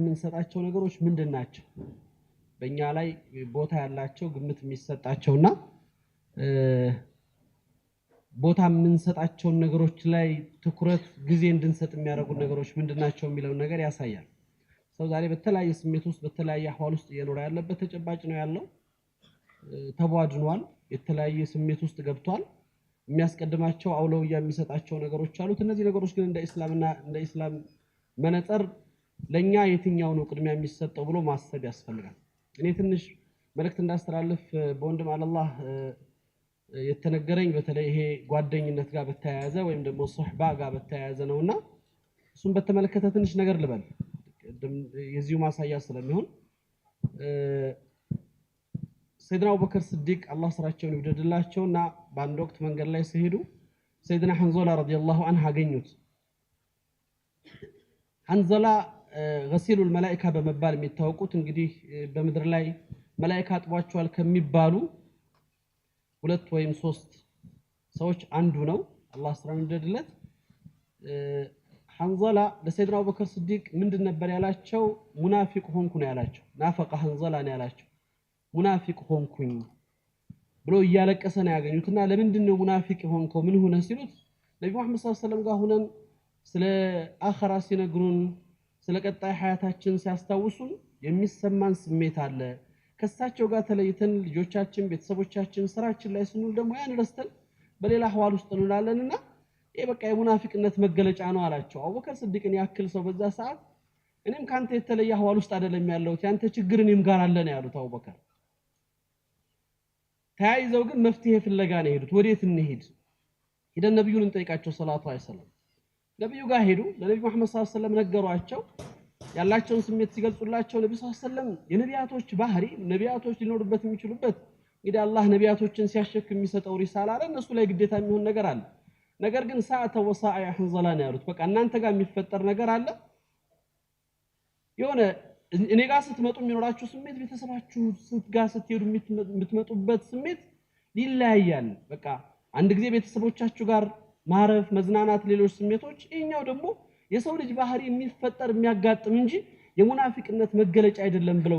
የምንሰጣቸው ነገሮች ምንድን ናቸው? በእኛ ላይ ቦታ ያላቸው ግምት የሚሰጣቸውና ቦታ የምንሰጣቸውን ነገሮች ላይ ትኩረት፣ ጊዜ እንድንሰጥ የሚያደርጉ ነገሮች ምንድን ናቸው የሚለውን ነገር ያሳያል። ሰው ዛሬ በተለያየ ስሜት ውስጥ በተለያየ አህዋል ውስጥ እየኖረ ያለበት ተጨባጭ ነው ያለው። ተቧድኗል። የተለያየ ስሜት ውስጥ ገብቷል። የሚያስቀድማቸው አውለውያ የሚሰጣቸው ነገሮች አሉት። እነዚህ ነገሮች ግን እንደ ኢስላምና እንደ ኢስላም መነጽር ለእኛ የትኛው ነው ቅድሚያ የሚሰጠው ብሎ ማሰብ ያስፈልጋል። እኔ ትንሽ መልእክት እንዳስተላልፍ በወንድም አለላህ የተነገረኝ በተለይ ይሄ ጓደኝነት ጋር በተያያዘ ወይም ደግሞ ሶሕባ ጋር በተያያዘ ነው እና እሱም በተመለከተ ትንሽ ነገር ልበል የዚሁ ማሳያ ስለሚሆን ሰይድና አቡበከር ስዲቅ አላህ ስራቸውን ይውደድላቸው እና በአንድ ወቅት መንገድ ላይ ሲሄዱ ሰይድና ሐንዞላ ረዲየላሁ አንሁ አገኙት ሐንዞላ ገሲሉል መላኢካ በመባል የሚታወቁት እንግዲህ በምድር ላይ መላኢካ አጥቧቸዋል ከሚባሉ ሁለት ወይም ሶስት ሰዎች አንዱ ነው። አላህ ስራን ይውደድለት። ሐንዘላ ለሰይድና አቡበከር ስዲቅ ምንድን ነበር ያላቸው? ሙናፊቅ ሆንኩ ነው ያላቸው። ናፈቀ ሐንዘላ ነው ያላቸው። ሙናፊቅ ሆንኩኝ ብሎ እያለቀሰ ነው ያገኙትና ለምንድን ነው ሙናፊቅ የሆንከው ምን ሆነ ሲሉት ነቢ መሐመድ ሰለላሁ ዐለይሂ ጋር ሁነን ስለ አኸራ ሲነግሩን ስለ ቀጣይ ሀያታችን ሲያስታውሱ የሚሰማን ስሜት አለ። ከእሳቸው ጋር ተለይተን ልጆቻችን፣ ቤተሰቦቻችን፣ ስራችን ላይ ስንል ደግሞ ያን ረስተን በሌላ አህዋል ውስጥ እንውላለን እና ይህ በቃ የሙናፊቅነት መገለጫ ነው አላቸው። አቡበከር ስድቅን ያክል ሰው በዛ ሰዓት እኔም ከአንተ የተለየ አህዋል ውስጥ አይደለም ያለሁት ያንተ ችግር እኔም ጋር አለ ያሉት አቡበከር። ተያይዘው ግን መፍትሄ ፍለጋ ነው የሄዱት። ወዴት እንሄድ ሄደን ነቢዩን እንጠይቃቸው ሰላቱ አይሰለም ነቢዩ ጋር ሄዱ። ለነቢዩ መሐመድ ሰለላሁ ዐለይሂ ወሰለም ነገሯቸው። ያላቸውን ስሜት ሲገልጹላቸው ነቢ ሰለላሁ ዐለይሂ ወሰለም የነቢያቶች ባህሪ ነቢያቶች ሊኖሩበት የሚችሉበት እንግዲህ አላህ ነቢያቶችን ሲያሸክም የሚሰጠው ሪሳላ አለ። እነሱ ላይ ግዴታ የሚሆን ነገር አለ። ነገር ግን ሰዓተ ወሳአ ያህንዘላ ነው ያሉት። በቃ እናንተ ጋር የሚፈጠር ነገር አለ። የሆነ እኔ ጋር ስትመጡ የሚኖራችሁ ስሜት፣ ቤተሰባችሁ ጋር ስትሄዱ የምትመጡበት ስሜት ይለያያል። በቃ አንድ ጊዜ ቤተሰቦቻችሁ ጋር ማረፍ፣ መዝናናት፣ ሌሎች ስሜቶች። ይህኛው ደግሞ የሰው ልጅ ባህሪ የሚፈጠር የሚያጋጥም እንጂ የሙናፊቅነት መገለጫ አይደለም ብለው